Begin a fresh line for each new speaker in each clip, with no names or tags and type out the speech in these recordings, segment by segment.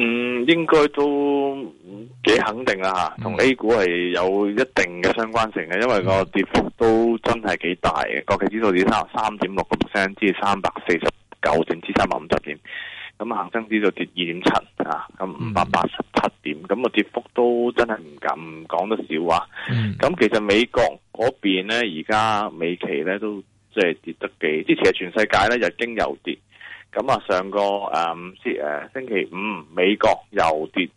嗯，應該都幾肯定啊，同、嗯、A 股係有一定嘅相關性嘅，因為個跌幅都真係幾大嘅、嗯。國企指數跌三三點六個 percent，至三百四十九，甚至三百五十點。咁恒生指數跌二點七啊，咁五百八十七點。咁、嗯、啊，咁個跌幅都真係唔敢講得少啊。咁、嗯、其實美國嗰邊咧，而家美期咧都即係跌得幾。之前係全世界咧，日經又跌。咁啊，上個誒五節誒星期五，美國又跌。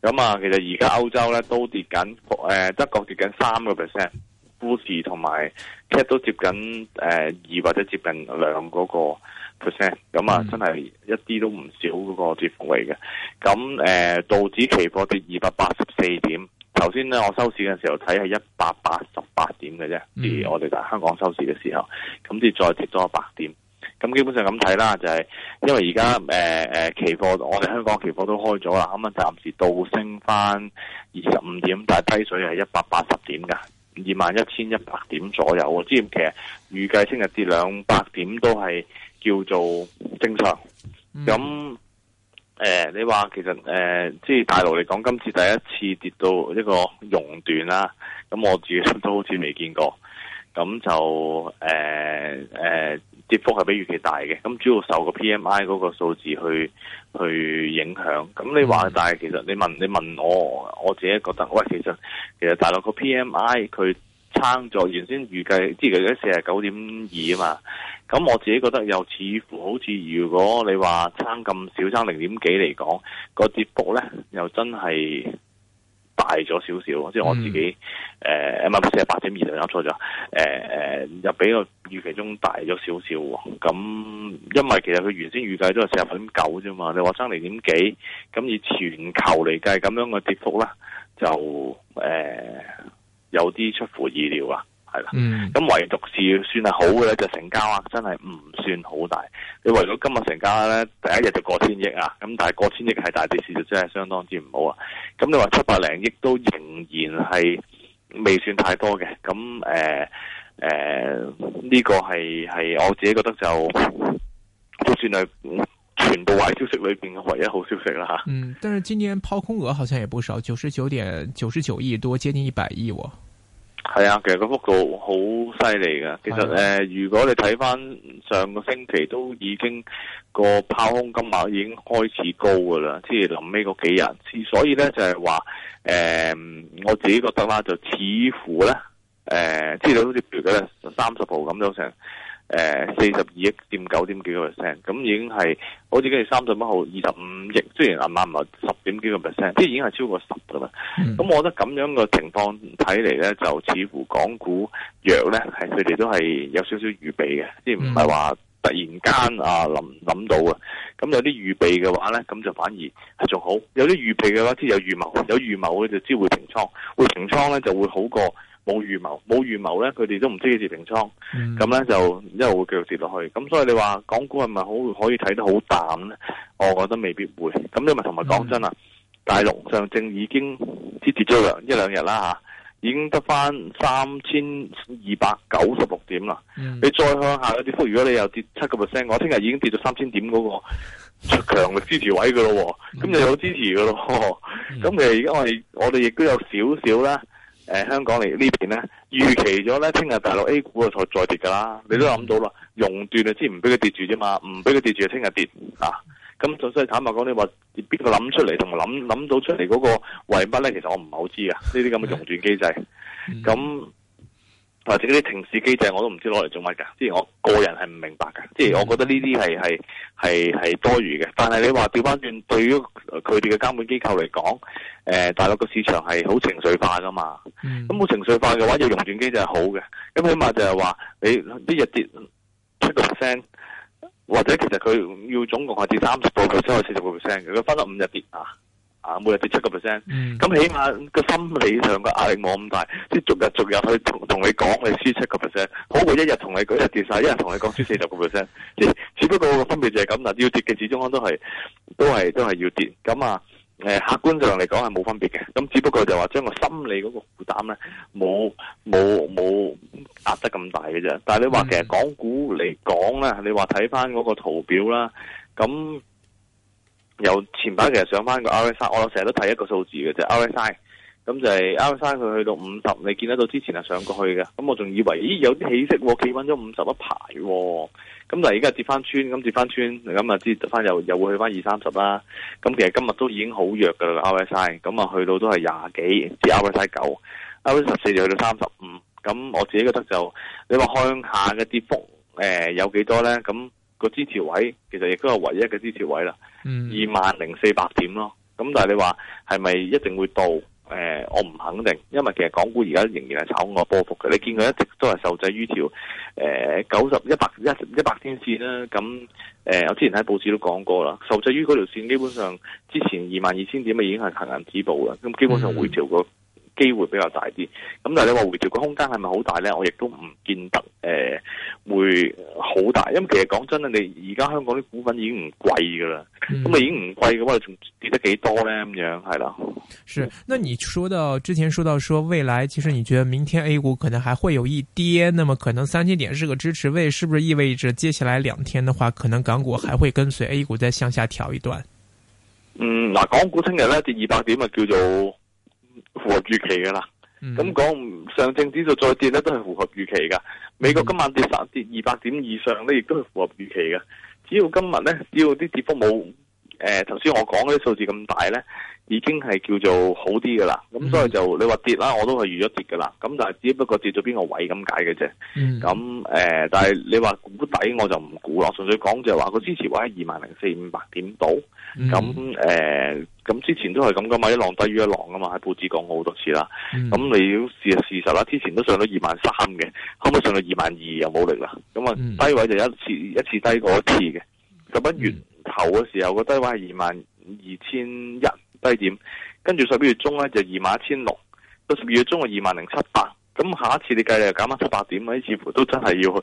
咁啊，其實而家歐洲咧都跌緊，誒德國跌緊三個 percent，富時同埋 CAC 都接近誒二、呃、或者接近兩嗰、那個 percent。咁啊，真係一啲都唔少嗰個跌幅嚟嘅。咁誒、呃、道指期貨跌二百八十四點。頭先咧我收市嘅時候睇係一百八十八點嘅啫，而、嗯、我哋就香港收市嘅時候，咁先再跌多一百點。咁基本上咁睇啦，就係、是、因為而家誒期貨，我哋香港期貨都開咗啦，咁啊暫時倒升翻二十五點，但係低水係一百八十點噶，二萬一千一百點左右。我之前其實預計聽日跌兩百點都係叫做正常。咁誒、呃，你話其實誒、呃，即係大陸嚟講，今次第一次跌到一個熔斷啦，咁我自己都好似未見過。咁就誒誒。呃呃跌幅係比預期大嘅，咁主要受個 P M I 嗰個數字去去影響。咁你話、嗯，但係其實你問你問我，我自己覺得，喂，其實其實大陸個 P M I 佢撐咗原先預計，即係其實四十九點二啊嘛。咁我自己覺得又似乎好似，如果你話撐咁少，撐零點幾嚟講，個跌幅咧又真係。大咗少少，即 係、 嗯 嗯嗯、我自己，誒，唔係，四十八點二，就啱錯咗，誒誒，又比個預期中大咗少少，咁因為其實佢原先預計都係四十八點九啫嘛，你話爭零點幾，咁以全球嚟計咁樣嘅跌幅咧，就、嗯、誒有啲出乎意料啊。係、嗯、啦，咁唯獨是算係好嘅咧，就是、成交額，真係唔算好大。你唯咗今日成交咧，第一日就過千億啊，咁但係過千億係大跌市，就真係相當之唔好啊。咁你話七百零億都仍然係未算太多嘅，咁誒誒呢個係係我自己覺得就，就算係全部壞消息裏邊嘅唯一好消息啦吓。嗯，
但是今年拋空額好像也不少，九十九點九十九億多，接近一百億喎。
係啊，其實個幅度好犀利噶。其實誒、呃，如果你睇翻上個星期都已經個拋空金額已經開始高噶啦，即係臨尾嗰幾日。之所以咧就係話誒，我自己覺得話，就似乎咧誒、呃，知道好似譬如咧，三十號咁樣成。誒、呃，四十二億佔九點幾個 percent，咁已經係好似跟住三十一號二十五億，雖然啱啱係十點幾個 percent，即係已經係超過十啦。咁、嗯、我覺得咁樣嘅情況睇嚟咧，就似乎港股弱咧，係佢哋都係有少少預備嘅，即係唔係話突然間啊諗諗到啊。咁有啲預備嘅話咧，咁就反而係仲好。有啲預備嘅話，即係有預謀，有預謀咧就知會平倉，會平倉咧就會好過。冇預謀，冇預謀咧，佢哋都唔知幾時平倉，咁、嗯、咧就一路會繼續跌落去。咁所以你話港股係咪好可以睇得好淡咧？我覺得未必會。咁你咪同埋講真啦、嗯，大陸上證已經跌咗兩一兩日啦嚇，已經得翻三千二百九十六點啦、嗯。你再向下嘅跌幅，如果你又跌七個 percent，我聽日已經跌咗三千點嗰個強力支持位噶咯，咁、嗯、就有支持噶咯。咁、嗯、其實而家我哋我哋亦都有少少啦。誒、呃，香港嚟呢邊咧，預期咗咧，聽日大陸 A 股啊再再跌噶啦，你都諗到啦，熔斷啊，即唔俾佢跌住啫嘛，唔俾佢跌住就聽日跌啊，咁所以坦白講，你話邊個諗出嚟同埋諗諗到出嚟嗰個為乜咧，其實我唔係好知啊，呢啲咁嘅熔斷機制，咁。嗯或者啲停市機制我都唔知攞嚟做乜嘅，即係我個人係唔明白嘅，即係我覺得呢啲係係係係多餘嘅。但係你話調翻轉，對於佢哋嘅監管機構嚟講，誒、呃、大陸嘅市場係好情緒化㗎嘛？咁、嗯、好情緒化嘅話，要熔斷機制係好嘅。咁起碼就係話，你呢日跌七個 percent，或者其實佢要總共係跌三十個 percent 先可以四十個 percent 嘅，佢分咗五日跌啊。啊！每日跌七個 percent，咁起碼個心理上個壓力冇咁大，即係逐日逐日去同同你講你輸七個 percent，好過一日同你講一日跌晒，一日同你講輸四十個 percent。只 只不過個分別就係咁啦，要跌嘅始終都係都係都係要跌。咁啊誒，客觀上嚟講係冇分別嘅。咁只不過就話將個心理嗰個負擔咧，冇冇冇壓得咁大嘅啫。但係你話其實港股嚟講咧，你話睇翻嗰個圖表啦，咁。由前排其實上翻個 RSI，我成日都睇一個數字嘅係、就係、RSI，咁就係 RSI 佢去到五十，你見得到之前係上過去嘅，咁我仲以為咦有啲起色，企穩咗五十一排，咁但係而家跌翻穿，咁跌翻穿，咁啊跌翻又又,又會去翻二三十啦，咁其實今日都已經好弱噶啦 RSI，咁啊去到都係廿幾，至 RSI 九，RSI 十四就去到三十五，咁我自己覺得就你話向下嘅跌幅誒、呃、有幾多咧？咁那個支持位其實亦都係唯一嘅支持位啦，二萬零四百點咯。咁但係你話係咪一定會到？誒、呃，我唔肯定，因為其實港股而家仍然係炒我波幅嘅。你見佢一直都係受制於條誒九十一百一一百天線啦、啊。咁誒、呃，我之前喺報紙都講過啦，受制於嗰條線，基本上之前二萬二千點啊已經係行銀止步嘅。咁基本上回調個。Mm-hmm. 機會比較大啲，咁但係你話回調個空間係咪好大呢？我亦都唔見得誒、呃，會好大。因為其實講真啦，你而家香港啲股份已經唔貴噶啦，咁、嗯、啊已經唔貴嘅話，你仲跌得幾多呢？咁樣係啦。
是，那你說到之前說到說未來，其實你覺得明天 A 股可能還會有一跌，那麼可能三千點是個支持位，是不是意味着接下來兩天的話，可能港股還會跟隨 A 股再向下調一段？
嗯，嗱、呃，港股聽日呢，跌二百點啊，叫做。符合預期嘅啦，咁、嗯、講上證指數再跌咧，都係符合預期嘅。美國今晚跌三跌二百點以上咧，亦都係符合預期嘅。只要今日咧，只要啲跌幅冇誒頭先我講嗰啲數字咁大咧。已經係叫做好啲噶啦，咁、嗯、所以就你話跌啦，我都係預咗跌噶啦，咁但係只不過跌到邊個位咁解嘅啫。咁、嗯、誒、嗯，但係你話估底我就唔估啦，純粹講就係話個支持位係二萬零四五百點度。咁、嗯、誒，咁、嗯嗯嗯、之前都係咁噶嘛，一浪低於一浪噶嘛，喺報紙講過好多次啦。咁、嗯嗯、你要事實事實啦，之前都上到二萬三嘅，後屘上到二萬二又冇力啦。咁、嗯、啊、嗯，低位就一次一次低過一次嘅。咁、嗯、啊，那個、月頭嘅時候個低位係二萬二千一。低、嗯、點，跟住十一月中咧就二萬一千六，到十二月中啊二萬零七百，咁下一次你計又減翻七八點，啲似乎都真係要去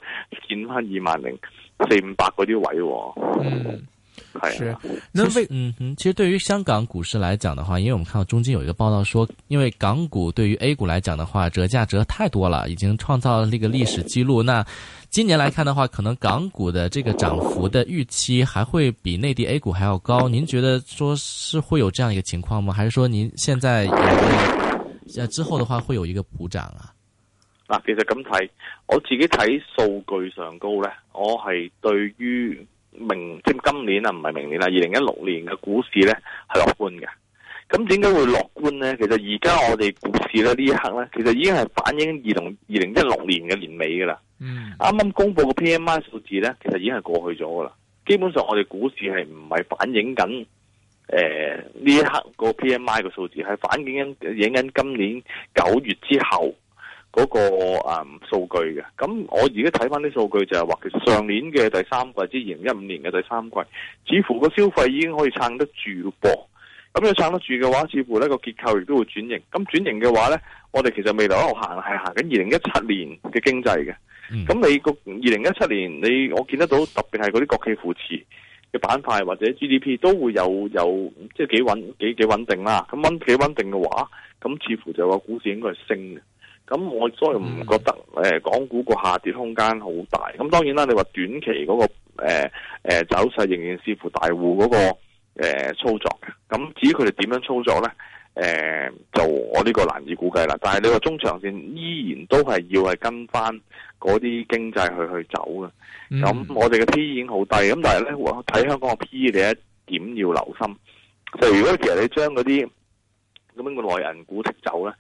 見翻二萬零四五百嗰啲位。
是，那為嗯哼、嗯，其實對於香港股市來講的話，因為我們看到中間有一個報道說，因為港股對於 A 股來講的話，折價折太多了，已經創造了那個歷史記錄。那今年來看的話，可能港股的這個漲幅的預期還會比內地 A 股還要高。您覺得說是會有這樣一個情況嗎？還是說您現在也之後的話會有一個補漲啊？
嗱，其實咁睇，我自己睇數據上高呢，我係對於。明即今年啊，唔係明年啦，二零一六年嘅股市咧係樂觀嘅。咁點解會樂觀咧？其實而家我哋股市咧呢一刻咧，其實已經係反映二零二零一六年嘅年尾噶啦。嗯，啱啱公布個 PMI 數字咧，其實已經係過去咗噶啦。基本上我哋股市係唔係反映緊誒呢一刻個 PMI 嘅數字，係反映緊影緊今年九月之後。嗰、那個誒、嗯、數據嘅，咁我而家睇翻啲數據就係話，其實上年嘅第三季，至二零一五年嘅第三季，似乎個消費已經可以撐得住噃。咁你撐得住嘅話，似乎呢個結構亦都會轉型。咁轉型嘅話呢，我哋其實未來一路行係行緊二零一七年嘅經濟嘅。咁你個二零一七年，你我見得到特別係嗰啲國企扶持嘅板塊或者 GDP 都會有有即係、就是、幾穩幾幾穩定啦。咁穩幾穩定嘅話，咁似乎就話股市應該係升嘅。咁我所以唔覺得誒港股個下跌空間好大。咁當然啦，你話短期嗰、那個誒、呃呃、走勢仍然視乎大戶嗰、那個、呃、操作嘅。咁至於佢哋點樣操作咧，誒、呃、就我呢個難以估計啦。但係你話中長線依然都係要係跟翻嗰啲經濟去去走嘅。咁、嗯、我哋嘅 P E 已經好低，咁但係咧睇香港個 P E 你一點要留心。就如果其實你將嗰啲咁樣嘅內銀股剔走咧。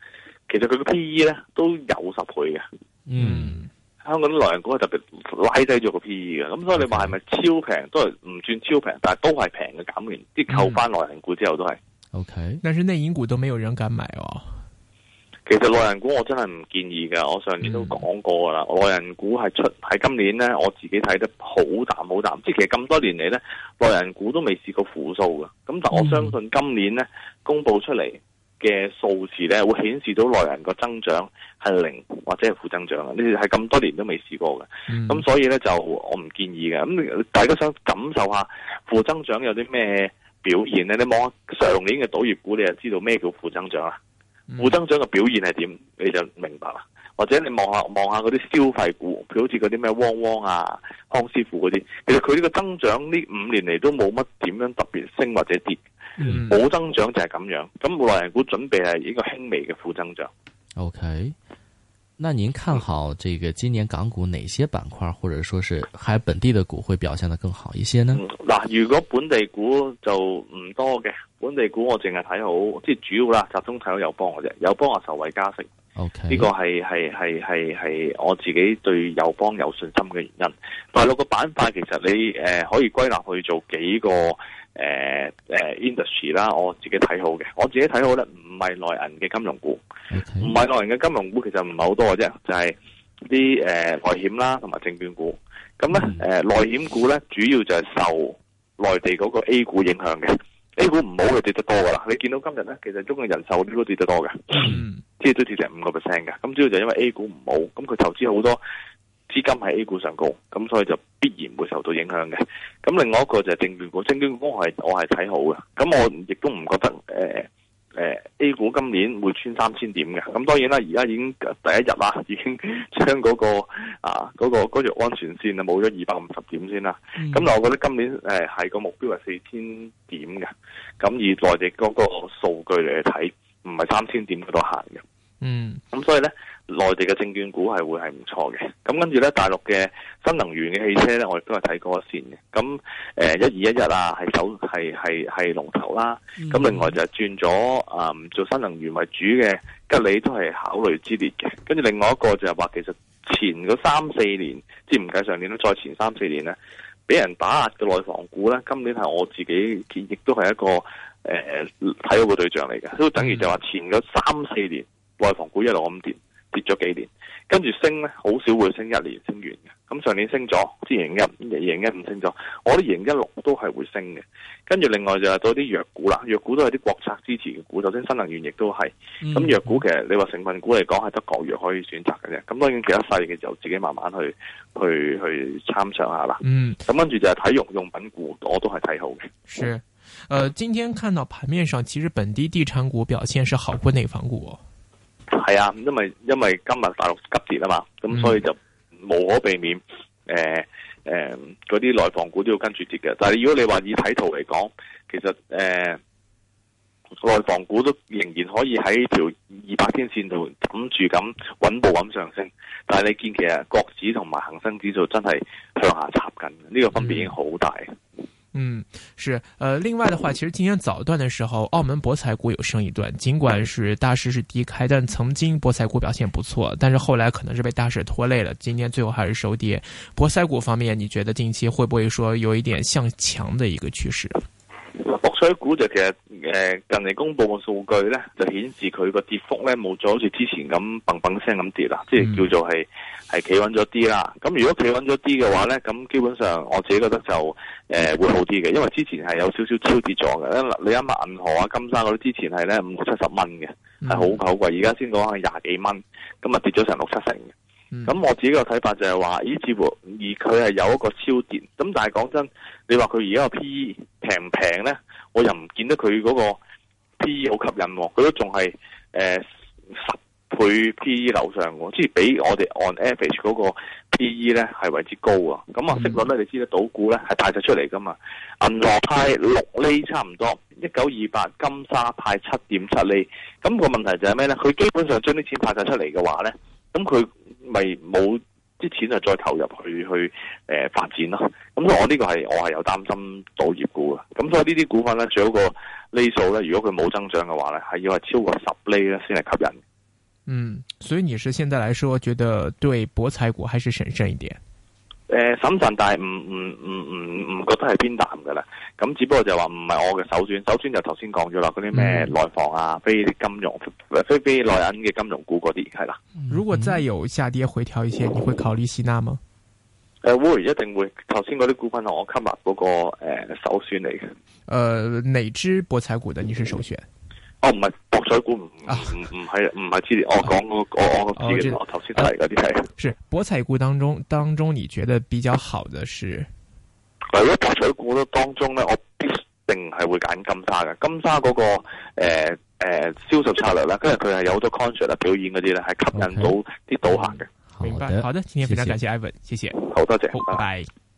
其實佢個 P E 咧都有十倍嘅，嗯，香港啲內銀股係特別拉低咗個 P E 嘅，咁、嗯、所以你話係咪超平都係唔算超平，但係都係平嘅，減完即係扣翻內銀股之後都係。
O K，但係內銀股都沒有人敢買哦。
其實內銀股我真係唔建議嘅，我上年都講過噶啦、嗯，內銀股係出喺今年咧，我自己睇得好淡好淡，即係其實咁多年嚟咧，內銀股都未試過負數嘅，咁但我相信今年咧公布出嚟。嘅數字咧，會顯示到內銀個增長係零或者係負增長啊！呢啲係咁多年都未試過嘅，咁、嗯、所以咧就我唔建議嘅。咁大家想感受下負增長有啲咩表現咧？你望上年嘅賭業股，你就知道咩叫負增長啊。嗯、負增長嘅表現係點，你就明白啦。或者你望下望下嗰啲消費股，佢好似嗰啲咩汪汪啊康師傅嗰啲，其實佢呢個增長呢五年嚟都冇乜點樣特別升或者跌，冇、嗯、增長就係咁樣。咁內人股準備係一個輕微嘅負增長。
OK，那您看好這個今年港股哪些板塊，或者說是係本地的股會表現得更好一些呢？
嗱，如果本地股就唔多嘅，本地股我淨係睇好，即係主要啦，集中睇好有幫我啫，友邦我受惠加息。呢、okay。個係係係係係我自己對友邦有信心嘅原因。大陸個板塊其實你誒、呃、可以歸納去做幾個誒誒、呃呃、industry 啦，我自己睇好嘅。我自己睇好咧，唔係內銀嘅金融股，唔係內銀嘅金融股，其實唔係好多嘅啫，就係啲誒內險啦，同埋證券股。咁咧誒內險股咧，主要就係受內地嗰個 A 股影響嘅，A 股唔好就跌得多噶啦。你見到今日咧，其實中國人壽都跌得多嘅。
Mm.
即係都跌成五個 percent 嘅，咁主要就因為 A 股唔好，咁佢投資好多資金喺 A 股上高，咁所以就必然會受到影響嘅。咁另外一個就係證券股，證券股我係我係睇好嘅。咁我亦都唔覺得誒、呃呃、A 股今年會穿三千點嘅。咁當然啦，而家已經第一日啦，已經將嗰、嗰個啊嗰、嗰個嗰、嗰條、安全線啊冇咗二百五十點先啦。咁但我覺得今年誒係、呃、個目標係四千點嘅。咁以內地嗰個數據嚟睇，唔係三千點嗰度行嘅。嗯，咁所以咧，內地嘅證券股係會係唔錯嘅。咁跟住咧，大陸嘅新能源嘅汽車咧，我亦都係睇過先嘅。咁誒，一二一一啊，係走係係係龍頭啦。咁、嗯、另外就係轉咗啊、呃，做新能源為主嘅吉利都係考慮之列嘅。跟住另外一個就係話，其實前嗰三四年，即唔計上年都再前三四年咧，俾人打壓嘅內房股咧，今年係我自己亦都係一個誒睇、呃、好嘅對象嚟嘅。都、嗯、所以等於就話前嗰三四年。外房股一路咁跌，跌咗幾年，跟住升咧，好少會升一年升完嘅。咁上年升咗，之前二零一五升咗。我哋二零一六都係會升嘅。跟住另外就係到啲藥股啦，藥股都係啲國策支持嘅股，首先新能源亦都係。咁、嗯、藥股其實你話成分股嚟講係得國藥可以選擇嘅啫。咁當然其他細嘅就自己慢慢去去去參詳下啦。咁跟住就係體育用品股，我都係睇好嘅。
是，呃，今天看到盤面上，其實本地地產股表現是好過內房股。
係啊，因為因為今日大陸急跌啊嘛，咁所以就無可避免，誒誒嗰啲內房股都要跟住跌嘅。但係如果你話以睇圖嚟講，其實誒、呃、內房股都仍然可以喺條二百天線度忍住咁穩步咁上升。但係你見其實國指同埋恒生指數真係向下插緊，呢、這個分別已經好大。
嗯，是，呃，另外的話，其實今天早段的時候，澳門博彩股有升一段，盡管是大市是低開，但曾經博彩股表現不錯，但是後來可能是被大市拖累了，今天最後還是收跌。博彩股方面，你覺得近期會不會說有一點向強的一個趨勢？博
彩股就其實，呃，近嚟公布嘅數據呢，就顯示佢個跌幅呢冇咗，好似之前咁嘣嘣聲咁跌啦、嗯，即係叫做係。係企穩咗啲啦，咁如果企穩咗啲嘅話呢，咁基本上我自己覺得就誒、呃、會好啲嘅，因為之前係有少少超跌咗嘅。你諗下銀河啊、金山嗰啲之前係呢五六七十蚊嘅，係好貴好貴，而家先講係廿幾蚊，咁啊跌咗成六七成嘅。咁、嗯、我自己嘅睇法就係話，咦，似乎而佢係有一個超跌，咁但係講真，你話佢而家個 P E 平唔平呢？我又唔見得佢嗰個 P E 好吸引喎，佢都仲係、呃、十。佢 P E 樓上即係比我哋按 average 嗰個 P E 咧係為之高啊！咁啊息率咧，你知得賭股咧係派晒出嚟噶嘛？銀樂派六厘差唔多，一九二八金沙派七點七厘。咁、那個問題就係咩咧？佢基本上將啲錢派晒出嚟嘅話咧，咁佢咪冇啲錢啊再投入去去誒、呃、發展咯？咁所以我呢個係我係有擔心賭業股嘅。咁所以呢啲股份咧，最好個厘數咧，如果佢冇增長嘅話咧，係要係超過十厘咧先係吸引。
嗯，所以你是現在來說覺得對博彩股還是審慎一點？
誒、呃，審慎但係唔唔唔唔唔覺得係偏淡噶啦，咁只不過就話唔係我嘅首選，首選就頭先講咗啦，嗰啲咩內房啊，非金融，非非內銀嘅金融股嗰啲係啦。
如果再有下跌回調一些，你會考慮吸納嗎？誒、呃、
會一定會，頭先嗰啲股份係我吸納嗰個誒、呃、首選嚟嘅。誒、
呃，哪支博彩股的你是首選？哦，
唔係博彩股唔啊唔唔係，唔係之前我講、那個、我我知、哦、我知我頭先都係嗰啲係。
是博彩股當中當中你覺得比較好的是，
喺博彩股當中咧，我必定係會揀金沙嘅。金沙嗰、那個誒誒銷售策略呢，跟住佢係有好多 concert 啊表演
嗰啲咧，係吸引到啲賭、okay、嗯、客嘅。明白，好的，今天非常感謝 Ivan，謝謝，好多謝，拜拜。拜拜。